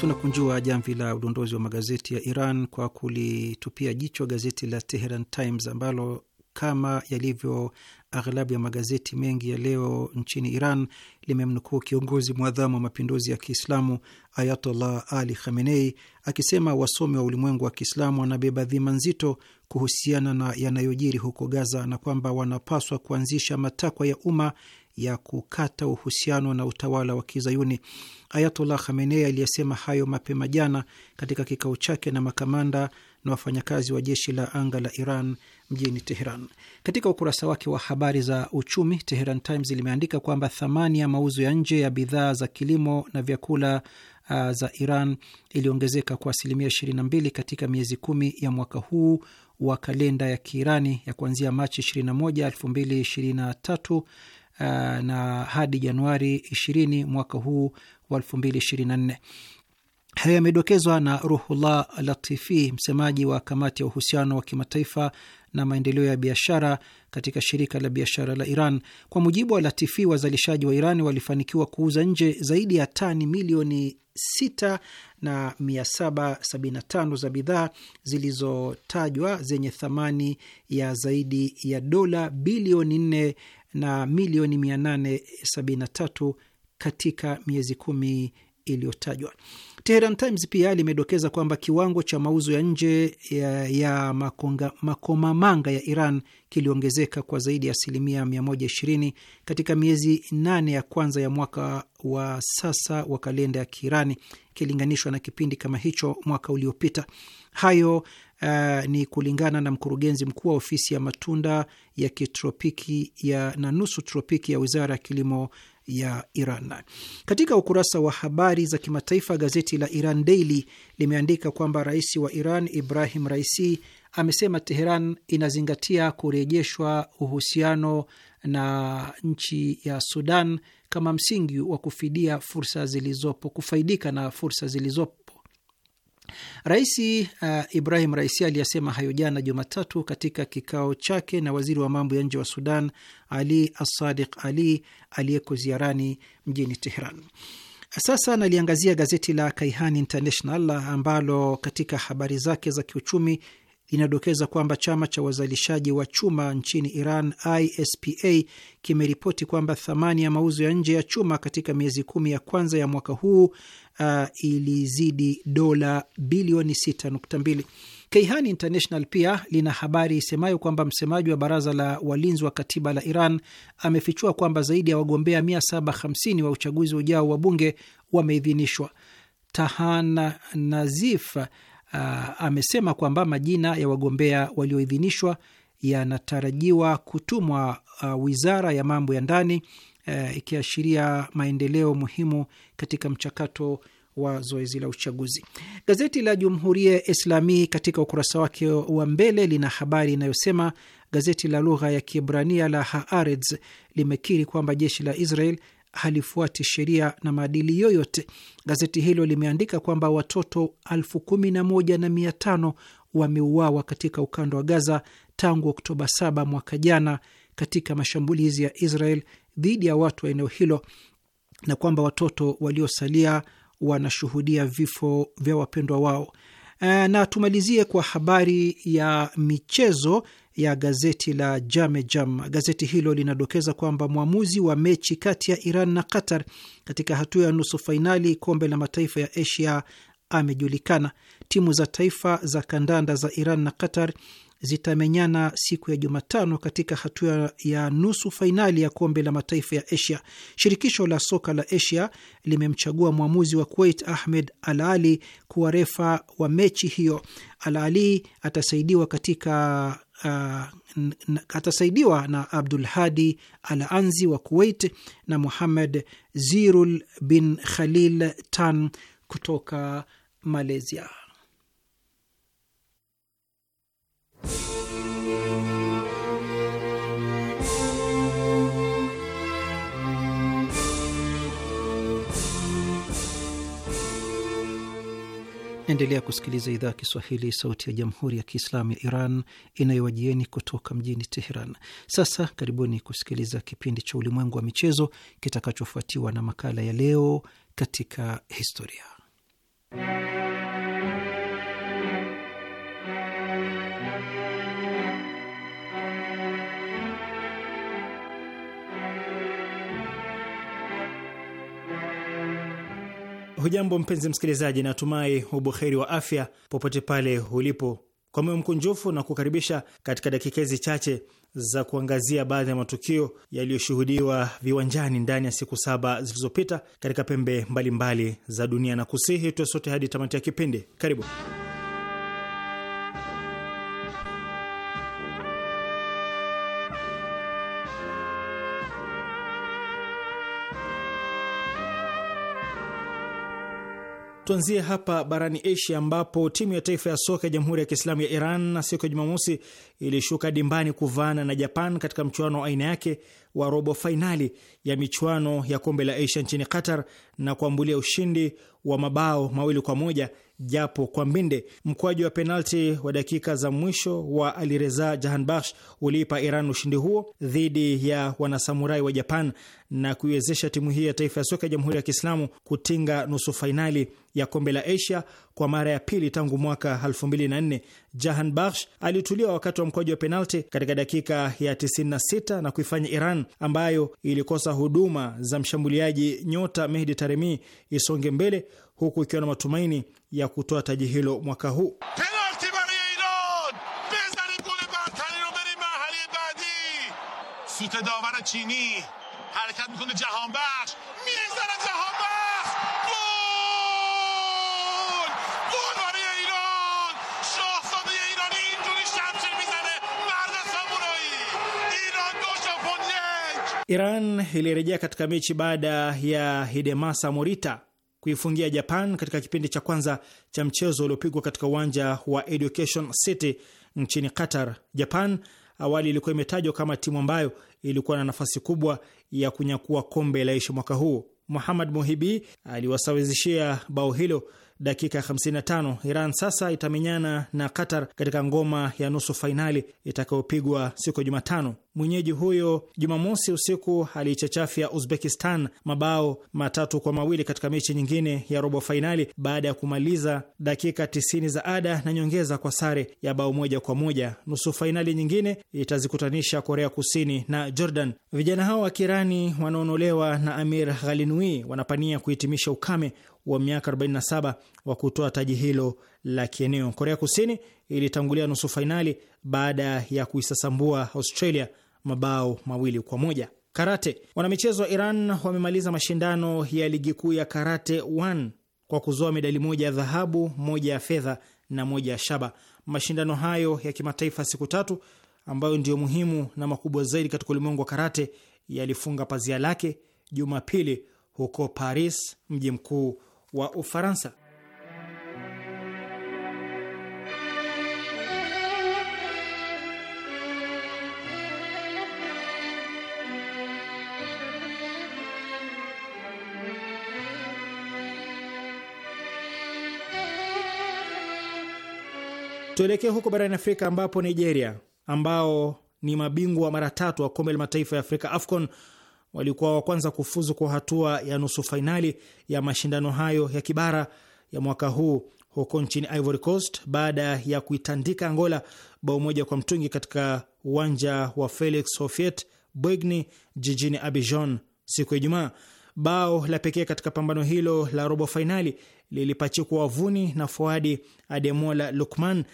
Tunakunjua jamvi la udondozi wa magazeti ya Iran kwa kulitupia jicho gazeti la Teheran Times ambalo kama yalivyo aghlabu ya magazeti mengi ya leo nchini Iran limemnukuu kiongozi mwadhamu wa mapinduzi ya Kiislamu Ayatollah Ali Khamenei akisema wasomi wa ulimwengu wa Kiislamu wanabeba dhima nzito kuhusiana na yanayojiri huko Gaza na kwamba wanapaswa kuanzisha matakwa ya umma ya kukata uhusiano na utawala wa Kizayuni. Ayatullah Khamenei aliyesema hayo mapema jana katika kikao chake na makamanda na wafanyakazi wa jeshi la anga la Iran mjini Teheran. Katika ukurasa wake wa habari za uchumi, Teheran Times limeandika kwamba thamani ya mauzo ya nje ya bidhaa za kilimo na vyakula uh, za Iran iliongezeka kwa asilimia 22 katika miezi kumi ya mwaka huu wa kalenda ya Kiirani ya kuanzia Machi 21, 2023 uh, na hadi Januari 20 mwaka huu wa 2024. Hayo yamedokezwa na Ruhullah Latifi, msemaji wa kamati ya uhusiano wa kimataifa na maendeleo ya biashara katika shirika la biashara la Iran. Kwa mujibu wa Latifi, wazalishaji wa Iran walifanikiwa kuuza nje zaidi ya tani milioni 6 na 775 za bidhaa zilizotajwa zenye thamani ya zaidi ya dola bilioni 4 na milioni 873 katika miezi kumi iliyotajwa. Teheran Times pia limedokeza kwamba kiwango cha mauzo ya nje ya, ya makonga, makomamanga ya Iran kiliongezeka kwa zaidi ya asilimia 120 katika miezi nane ya kwanza ya mwaka wa sasa wa kalenda ya Kiirani ikilinganishwa na kipindi kama hicho mwaka uliopita. Hayo Uh, ni kulingana na mkurugenzi mkuu wa ofisi ya matunda ya kitropiki ya na nusu tropiki ya Wizara ya Kilimo ya Iran. Katika ukurasa wa habari za kimataifa, gazeti la Iran Daily limeandika kwamba rais wa Iran Ibrahim Raisi amesema Teheran inazingatia kurejeshwa uhusiano na nchi ya Sudan kama msingi wa kufidia fursa zilizopo kufaidika na fursa zilizopo Rais uh, Ibrahim Raisi aliyasema hayo jana Jumatatu katika kikao chake na waziri wa mambo ya nje wa Sudan Ali Assadiq Ali aliyeko ziarani mjini Teheran. Sasa naliangazia gazeti la Kaihan International ambalo katika habari zake za kiuchumi linadokeza kwamba chama cha wazalishaji wa chuma nchini Iran ISPA kimeripoti kwamba thamani ya mauzo ya nje ya chuma katika miezi kumi ya kwanza ya mwaka huu uh, ilizidi dola bilioni 6.2. Keihan International pia lina habari isemayo kwamba msemaji wa baraza la walinzi wa katiba la Iran amefichua kwamba zaidi ya wagombea 750 wa uchaguzi ujao wa bunge wameidhinishwa. Tahana Nazif uh, amesema kwamba majina ya wagombea walioidhinishwa yanatarajiwa kutumwa uh, wizara ya mambo ya ndani eh, ikiashiria maendeleo muhimu katika mchakato wa zoezi la uchaguzi. Gazeti la Jumhuria Islami katika ukurasa wake wa mbele lina habari inayosema gazeti la lugha ya Kiebrania la Haaretz limekiri kwamba jeshi la Israel halifuati sheria na maadili yoyote. Gazeti hilo limeandika kwamba watoto elfu kumi na moja na mia tano wameuawa katika ukanda wa Gaza tangu Oktoba 7 mwaka jana katika mashambulizi ya Israel dhidi ya watu wa eneo hilo na kwamba watoto waliosalia wanashuhudia vifo vya wapendwa wao. Eh, na tumalizie kwa habari ya michezo ya gazeti la Jame Jam. Gazeti hilo linadokeza kwamba mwamuzi wa mechi kati ya Iran na Qatar katika hatua ya nusu fainali kombe la mataifa ya Asia amejulikana. Timu za taifa za kandanda za Iran na Qatar zitamenyana siku ya Jumatano katika hatua ya nusu fainali ya kombe la mataifa ya Asia. Shirikisho la soka la Asia limemchagua mwamuzi wa Kuwait Ahmed Al Ali kuwa refa wa mechi hiyo. Al Ali atasaidiwa katika uh, atasaidiwa na Abdul Hadi Al Anzi wa Kuwait na Muhammad Zirul bin Khalil Tan kutoka Malaysia. Endelea kusikiliza idhaa ya Kiswahili, sauti ya jamhuri ya kiislamu ya Iran inayowajieni kutoka mjini Teheran. Sasa karibuni kusikiliza kipindi cha Ulimwengu wa Michezo kitakachofuatiwa na makala ya Leo katika Historia. Hujambo mpenzi msikilizaji, natumai ubuheri wa afya popote pale ulipo. Kwa moyo mkunjufu na kukaribisha katika dakika hizi chache za kuangazia baadhi ya matukio yaliyoshuhudiwa viwanjani ndani ya siku saba zilizopita katika pembe mbalimbali mbali za dunia, na kusihi tuwe sote hadi tamati ya kipindi. Karibu. Tuanzie hapa barani Asia ambapo timu ya taifa ya soka ya Jamhuri ya Kiislamu ya Iran na siku ya Jumamosi ilishuka dimbani kuvaana na Japan katika mchuano wa aina yake wa robo fainali ya michuano ya kombe la Asia nchini Qatar na kuambulia ushindi wa mabao mawili kwa moja japo kwa mbinde. Mkwaji wa penalti wa dakika za mwisho wa Alireza Jahanbakhsh uliipa Iran ushindi huo dhidi ya wanasamurai wa Japan na kuiwezesha timu hii ya taifa ya soka ya Jamhuri ya Kiislamu kutinga nusu fainali ya kombe la Asia kwa mara ya pili tangu mwaka 2004. Jahan Bakhsh alitulia wakati wa mkoaji wa penalti katika dakika ya 96 na kuifanya Iran ambayo ilikosa huduma za mshambuliaji nyota Mehdi Taremi isonge mbele huku ikiwa na matumaini ya kutoa taji hilo mwaka huu. Iran ilirejea katika mechi baada ya Hidemasa Morita kuifungia Japan katika kipindi cha kwanza cha mchezo uliopigwa katika uwanja wa Education City nchini Qatar. Japan awali ilikuwa imetajwa kama timu ambayo ilikuwa na nafasi kubwa ya kunyakua kombe la Asia mwaka huu. Muhammad Mohibi aliwasawazishia bao hilo dakika 55. Iran sasa itamenyana na Qatar katika ngoma ya nusu fainali itakayopigwa siku ya Jumatano. Mwenyeji huyo Jumamosi usiku aliichachafya Uzbekistan mabao matatu kwa mawili katika mechi nyingine ya robo fainali baada ya kumaliza dakika 90 za ada na nyongeza kwa sare ya bao moja kwa moja. Nusu fainali nyingine itazikutanisha Korea Kusini na Jordan. Vijana hao wa Kirani wanaonolewa na Amir Ghalinui wanapania kuhitimisha ukame wa miaka 47 wa kutoa taji hilo la kieneo. Korea Kusini ilitangulia nusu fainali baada ya kuisasambua Australia mabao mawili kwa moja. Karate. Wanamichezo wa Iran wamemaliza mashindano ya ligi kuu ya Karate 1 kwa kuzoa medali moja ya dhahabu, moja ya fedha na moja ya shaba. Mashindano hayo ya kimataifa siku tatu ambayo ndiyo muhimu na makubwa zaidi katika ulimwengu wa karate yalifunga pazia lake Jumapili huko Paris, mji mkuu wa Ufaransa. Tuelekee huko barani Afrika ambapo Nigeria ambao ni mabingwa mara tatu wa kombe la mataifa ya Afrika AFCON walikuwa wa kwanza kufuzu kwa hatua ya nusu fainali ya mashindano hayo ya kibara ya mwaka huu huko nchini Ivory Coast baada ya kuitandika Angola bao moja kwa mtungi katika uwanja wa Felix Hofiet Bwegni jijini Abidjan siku ya Ijumaa. Bao la pekee katika pambano hilo la robo fainali lilipachikwa wavuni na Fuadi Ademola Lukman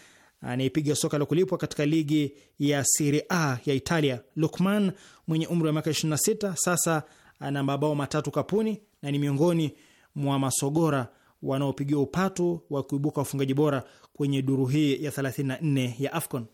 anayepiga soka la kulipwa katika ligi ya Serie A ya Italia. Lukman mwenye umri wa miaka 26 sasa ana mabao matatu kapuni na ni miongoni mwa masogora wanaopigiwa upatu wa kuibuka wafungaji bora kwenye duru hii ya 34 ya AFCON.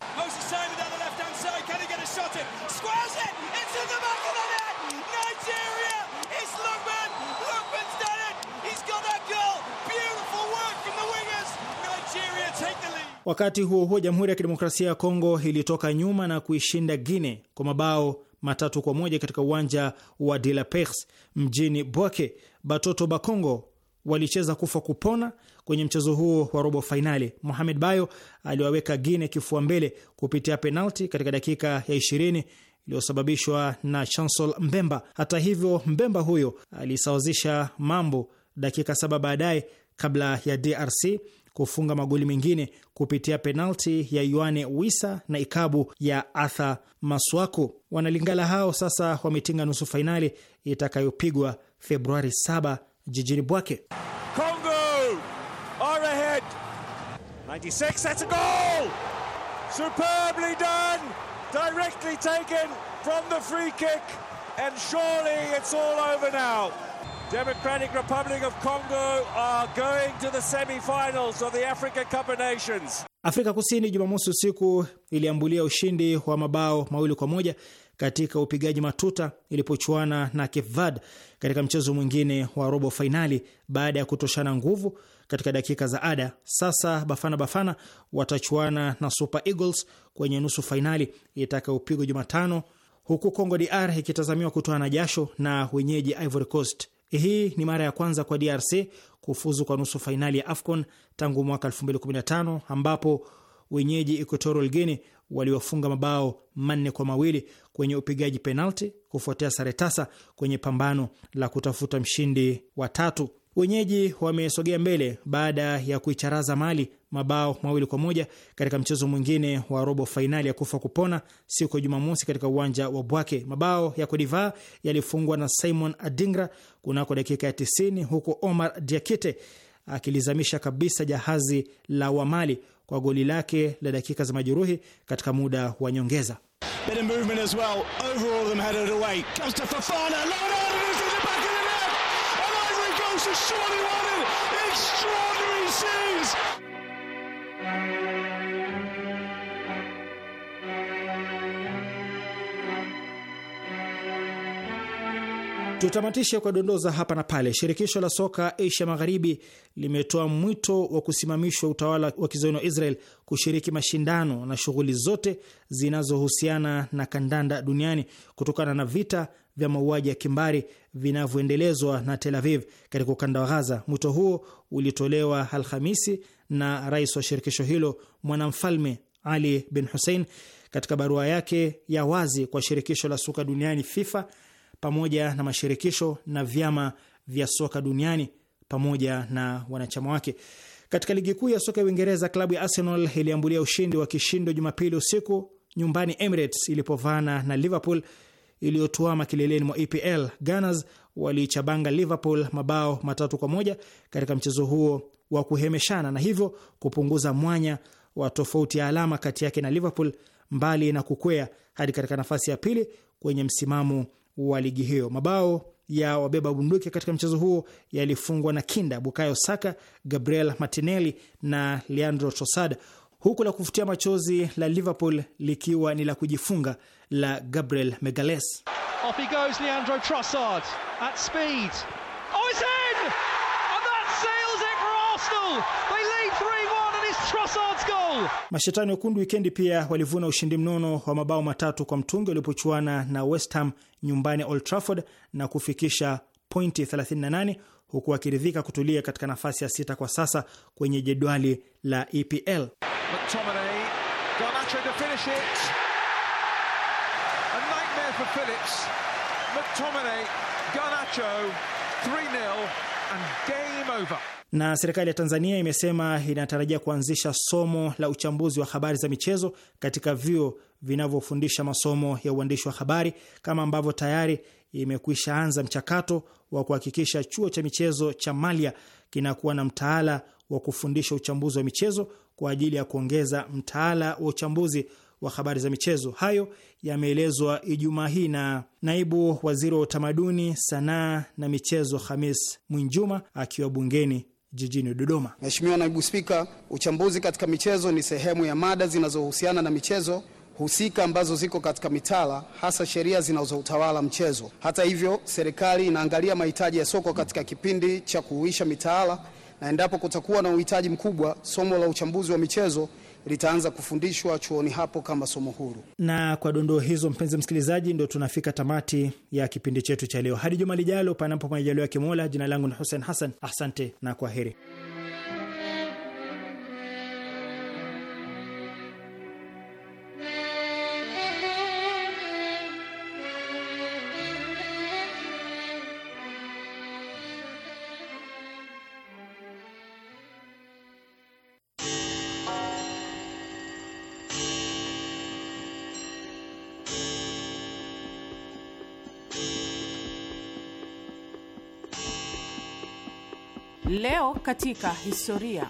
Wakati huo huo, Jamhuri ya Kidemokrasia ya Kongo ilitoka nyuma na kuishinda Guine kwa mabao matatu kwa moja katika uwanja wa de la Perse mjini Bwake. Batoto Bakongo walicheza kufa kupona kwenye mchezo huo wa robo fainali. Mohamed Bayo aliwaweka Guine kifua mbele kupitia penalti katika dakika ya 20 iliyosababishwa na Chancel Mbemba. Hata hivyo, Mbemba huyo alisawazisha mambo dakika saba baadaye kabla ya DRC kufunga magoli mengine kupitia penalti ya Yoane Wisa na ikabu ya Arthur Maswaku. Wanalingala hao sasa wametinga nusu fainali itakayopigwa Februari 7 jijini Bwake. Congo are ahead. 96, that's a goal! Superbly done! Directly taken from the free kick and surely it's all over now. Democratic Republic of Congo are going to the semi-finals of the Africa Cup of Nations. Afrika Kusini Jumamosi usiku iliambulia ushindi wa mabao mawili kwa moja katika upigaji matuta ilipochuana na Cape Verde katika mchezo mwingine wa robo fainali baada ya kutoshana nguvu katika dakika za ada. Sasa Bafana Bafana watachuana na Super Eagles kwenye nusu fainali itakayopigwa Jumatano, huku Congo DR ikitazamiwa kutoa na jasho na wenyeji Ivory Coast hii ni mara ya kwanza kwa DRC kufuzu kwa nusu fainali ya AFCON tangu mwaka 2015 ambapo wenyeji Equatorial Guinea waliwafunga mabao manne kwa mawili kwenye upigaji penalti kufuatia sare tasa kwenye pambano la kutafuta mshindi wa tatu. Wenyeji wamesogea mbele baada ya kuicharaza Mali mabao mawili kwa moja katika mchezo mwingine wa robo fainali ya kufa kupona siku ya Jumamosi katika uwanja wa Bwake. Mabao ya Kodiva yalifungwa na Simon Adingra kunako dakika ya 90 huku Omar Diakite akilizamisha kabisa jahazi la Wamali kwa goli lake la dakika za majeruhi katika muda wa nyongeza. Tutamatishe kwa dondoza hapa na pale. Shirikisho la soka Asia Magharibi limetoa mwito wa kusimamishwa utawala wa kizayuni wa Israel kushiriki mashindano na shughuli zote zinazohusiana na kandanda duniani kutokana na vita vya mauaji ya kimbari vinavyoendelezwa na Tel Aviv katika ukanda wa Ghaza. Mwito huo ulitolewa Alhamisi na rais wa shirikisho hilo mwanamfalme Ali bin Hussein katika barua yake ya wazi kwa shirikisho la soka duniani FIFA pamoja na mashirikisho na vyama vya soka duniani pamoja na wanachama wake. Katika ligi kuu ya soka ya Uingereza, klabu ya Arsenal iliambulia ushindi wa kishindo Jumapili usiku nyumbani Emirates ilipovana na Liverpool iliyotuama kileleni mwa EPL. Gunners waliichabanga Liverpool mabao matatu kwa moja katika mchezo huo wa kuhemeshana na hivyo kupunguza mwanya wa tofauti ya alama kati yake na Liverpool mbali na kukwea hadi katika nafasi ya pili kwenye msimamo wa ligi hiyo. Mabao ya wabeba bunduki katika mchezo huo yalifungwa na kinda Bukayo Saka, Gabriel Martinelli na Leandro Trossard, huku la kufutia machozi la Liverpool likiwa ni la kujifunga la Gabriel Megales. Off he goes Leandro Trossard at speed. They lead 3-1 and it's Trossard's goal. Mashetani wekundu wikendi pia walivuna ushindi mnono wa mabao matatu kwa mtungi walipochuana na West Ham nyumbani Old Trafford na kufikisha pointi 38 huku wakiridhika kutulia katika nafasi ya sita kwa sasa kwenye jedwali la EPL. McTominay, Garnacho, 3-0 and game over. Na serikali ya Tanzania imesema inatarajia kuanzisha somo la uchambuzi wa habari za michezo katika vyuo vinavyofundisha masomo ya uandishi wa habari kama ambavyo tayari imekwisha anza mchakato wa kuhakikisha chuo cha michezo cha Malia kinakuwa na mtaala wa kufundisha uchambuzi wa michezo kwa ajili ya kuongeza mtaala wa uchambuzi wa habari za michezo. Hayo yameelezwa Ijumaa hii na naibu waziri wa utamaduni, sanaa na michezo Hamis Mwinjuma akiwa bungeni jijini Dodoma. Mheshimiwa Naibu Spika, uchambuzi katika michezo ni sehemu ya mada zinazohusiana na michezo husika ambazo ziko katika mitaala hasa sheria zinazotawala mchezo. Hata hivyo, serikali inaangalia mahitaji ya soko katika kipindi cha kuhuisha mitaala, na endapo kutakuwa na uhitaji mkubwa, somo la uchambuzi wa michezo litaanza kufundishwa chuoni hapo kama somo huru. Na kwa dondoo hizo, mpenzi msikilizaji, ndo tunafika tamati ya kipindi chetu cha leo. Hadi juma lijalo, panapo majaliwa ya Kimola. Jina langu ni Hussein Hassan, asante na kwa heri. Leo katika historia.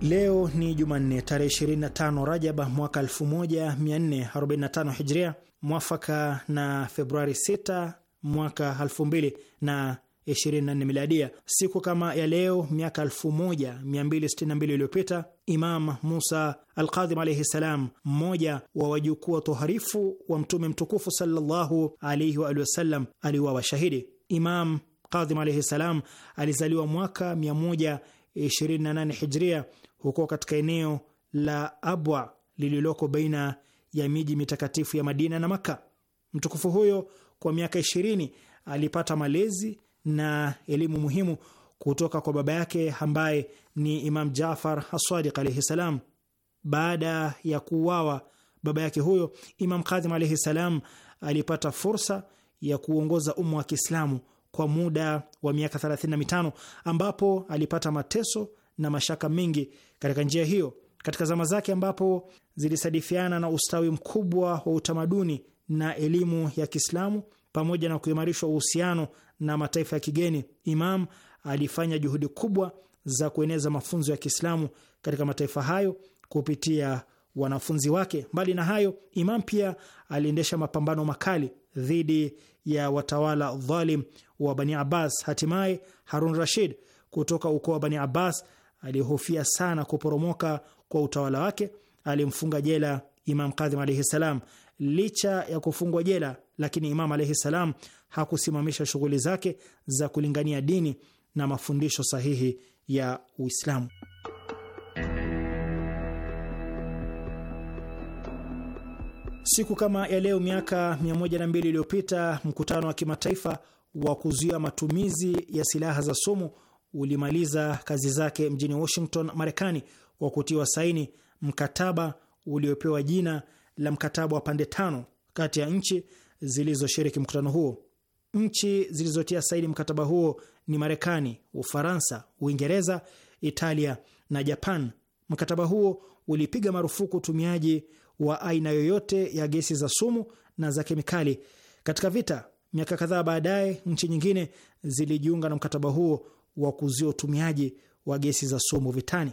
Leo ni Jumanne tarehe 25 Rajaba mwaka 1445 Hijria, mwafaka na Februari 6 mwaka 2024 Miladia. Siku kama ya leo miaka 1262 iliyopita, Imam Musa Alkadhim alaihi ssalam, mmoja wa wajukuu toharifu wa Mtume mtukufu sallallahu alaihi waalihi wasallam, aliuawa shahidi. Imam Kadhim alaihi salam alizaliwa mwaka 128 hijria huko katika eneo la Abwa lililoko baina ya miji mitakatifu ya Madina na Makka. Mtukufu huyo kwa miaka 20 alipata malezi na elimu muhimu kutoka kwa baba yake ambaye ni Imam Jafar Asadiq alaihi salam. Baada ya kuuawa baba yake huyo, Imam Kadhim alaihi salam alipata fursa ya kuongoza umma wa Kiislamu kwa muda wa miaka 35 ambapo alipata mateso na mashaka mengi katika njia hiyo, katika zama zake ambapo zilisadifiana na ustawi mkubwa wa utamaduni na elimu ya Kiislamu pamoja na kuimarishwa uhusiano na mataifa ya kigeni. Imam alifanya juhudi kubwa za kueneza mafunzo ya Kiislamu katika mataifa hayo kupitia wanafunzi wake. Mbali na hayo, Imam pia aliendesha mapambano makali dhidi ya watawala dhalim wa Bani Abbas. Hatimaye Harun Rashid kutoka ukoo wa Bani Abbas aliyehofia sana kuporomoka kwa utawala wake alimfunga jela Imam Kadhim alaihi salam. Licha ya kufungwa jela, lakini Imam alaihi salam hakusimamisha shughuli zake za kulingania dini na mafundisho sahihi ya Uislamu. Siku kama ya leo miaka 102 iliyopita mkutano wa kimataifa wa kuzuia matumizi ya silaha za sumu ulimaliza kazi zake mjini Washington, Marekani, kwa kutiwa saini mkataba uliopewa jina la mkataba wa pande tano kati ya nchi zilizoshiriki mkutano huo. Nchi zilizotia saini mkataba huo ni Marekani, Ufaransa, Uingereza, Italia na Japan. Mkataba huo ulipiga marufuku utumiaji wa aina yoyote ya gesi za sumu na za kemikali katika vita. Miaka kadhaa baadaye, nchi nyingine zilijiunga na mkataba huo wa kuzuia utumiaji wa gesi za sumu vitani.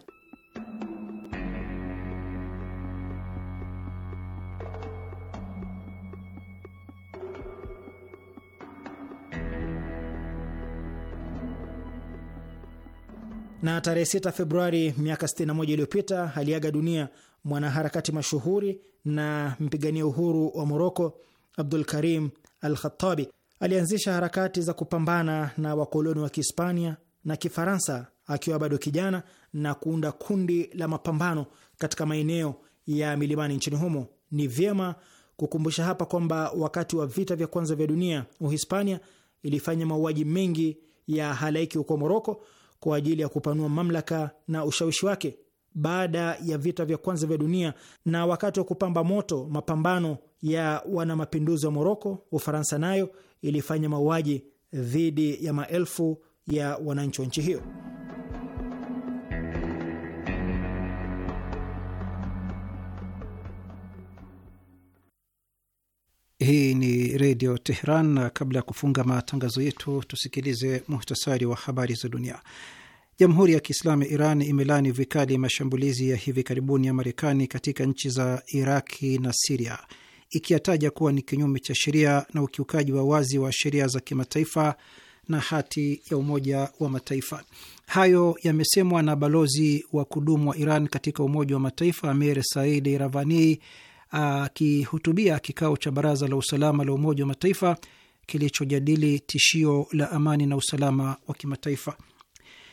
Na tarehe 6 Februari miaka 61 iliyopita aliaga dunia mwanaharakati mashuhuri na mpigania uhuru wa Moroko Abdul Karim Al khatabi alianzisha harakati za kupambana na wakoloni wa Kihispania na Kifaransa akiwa bado kijana na kuunda kundi la mapambano katika maeneo ya milimani nchini humo. Ni vyema kukumbusha hapa kwamba wakati wa vita vya kwanza vya dunia Uhispania ilifanya mauaji mengi ya halaiki huko Moroko kwa ajili ya kupanua mamlaka na ushawishi wake baada ya vita vya kwanza vya dunia na wakati wa kupamba moto mapambano ya wanamapinduzi wa Moroko, Ufaransa nayo ilifanya mauaji dhidi ya maelfu ya wananchi wa nchi hiyo. Hii ni Redio Teheran, na kabla ya kufunga matangazo yetu tusikilize muhtasari wa habari za dunia. Jamhuri ya Kiislamu ya Iran imelaani vikali mashambulizi ya hivi karibuni ya Marekani katika nchi za Iraki na Siria, ikiyataja kuwa ni kinyume cha sheria na ukiukaji wa wazi wa sheria za kimataifa na hati ya Umoja wa Mataifa. Hayo yamesemwa na balozi wa kudumu wa Iran katika Umoja wa Mataifa Amir Said Iravani akihutubia kikao cha Baraza la Usalama la Umoja wa Mataifa kilichojadili tishio la amani na usalama wa kimataifa.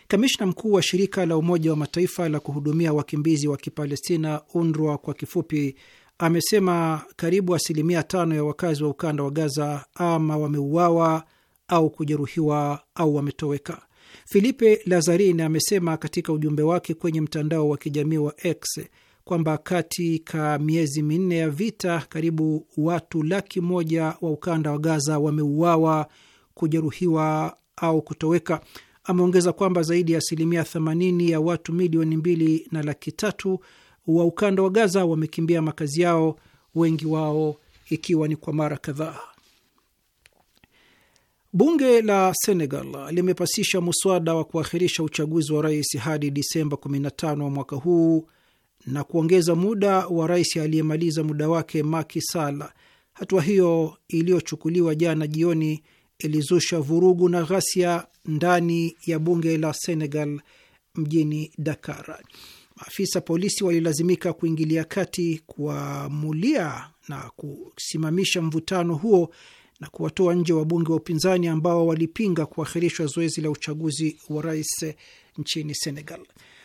Kamishna mkuu wa shirika la Umoja wa Mataifa la kuhudumia wakimbizi wa Kipalestina, UNRWA kwa kifupi, amesema karibu asilimia tano ya wakazi wa ukanda wa Gaza ama wameuawa au kujeruhiwa au wametoweka. Filipe Lazarini amesema katika ujumbe wake kwenye mtandao wa kijamii wa X kwamba katika miezi minne ya vita karibu watu laki moja wa ukanda wa Gaza wameuawa, kujeruhiwa au kutoweka Ameongeza kwamba zaidi ya asilimia 80 ya watu milioni mbili na laki tatu wa ukanda wa Gaza wamekimbia makazi yao, wengi wao ikiwa ni kwa mara kadhaa. Bunge la Senegal limepasisha muswada wa kuahirisha uchaguzi wa rais hadi Disemba 15 wa mwaka huu na kuongeza muda wa rais aliyemaliza muda wake Macky Sall. Hatua hiyo iliyochukuliwa jana jioni ilizusha vurugu na ghasia ndani ya bunge la Senegal mjini Dakar. Maafisa polisi walilazimika kuingilia kati, kuamulia na kusimamisha mvutano huo na kuwatoa nje wabunge wa upinzani ambao walipinga kuahirishwa zoezi la uchaguzi wa rais nchini Senegal.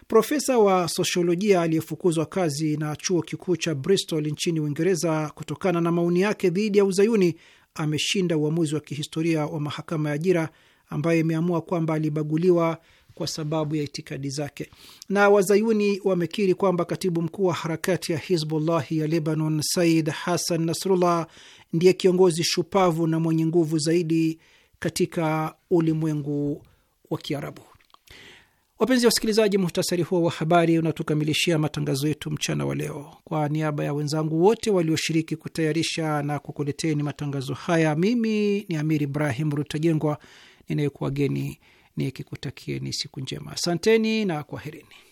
Profesa wa sosiolojia aliyefukuzwa kazi na chuo kikuu cha Bristol nchini Uingereza kutokana na maoni yake dhidi ya uzayuni ameshinda uamuzi wa kihistoria wa mahakama ya ajira ambayo imeamua kwamba alibaguliwa kwa sababu ya itikadi zake. Na wazayuni wamekiri kwamba katibu mkuu wa harakati ya Hizbullahi ya Lebanon, Said Hassan Nasrullah, ndiye kiongozi shupavu na mwenye nguvu zaidi katika ulimwengu wa Kiarabu. Wapenzi wa wasikilizaji, muhtasari huo wa habari unatukamilishia matangazo yetu mchana wa leo. Kwa niaba ya wenzangu wote walioshiriki kutayarisha na kukuleteni matangazo haya, mimi ni Amir Ibrahim Rutajengwa ninayekuwageni nikikutakieni siku njema. Asanteni na kwaherini.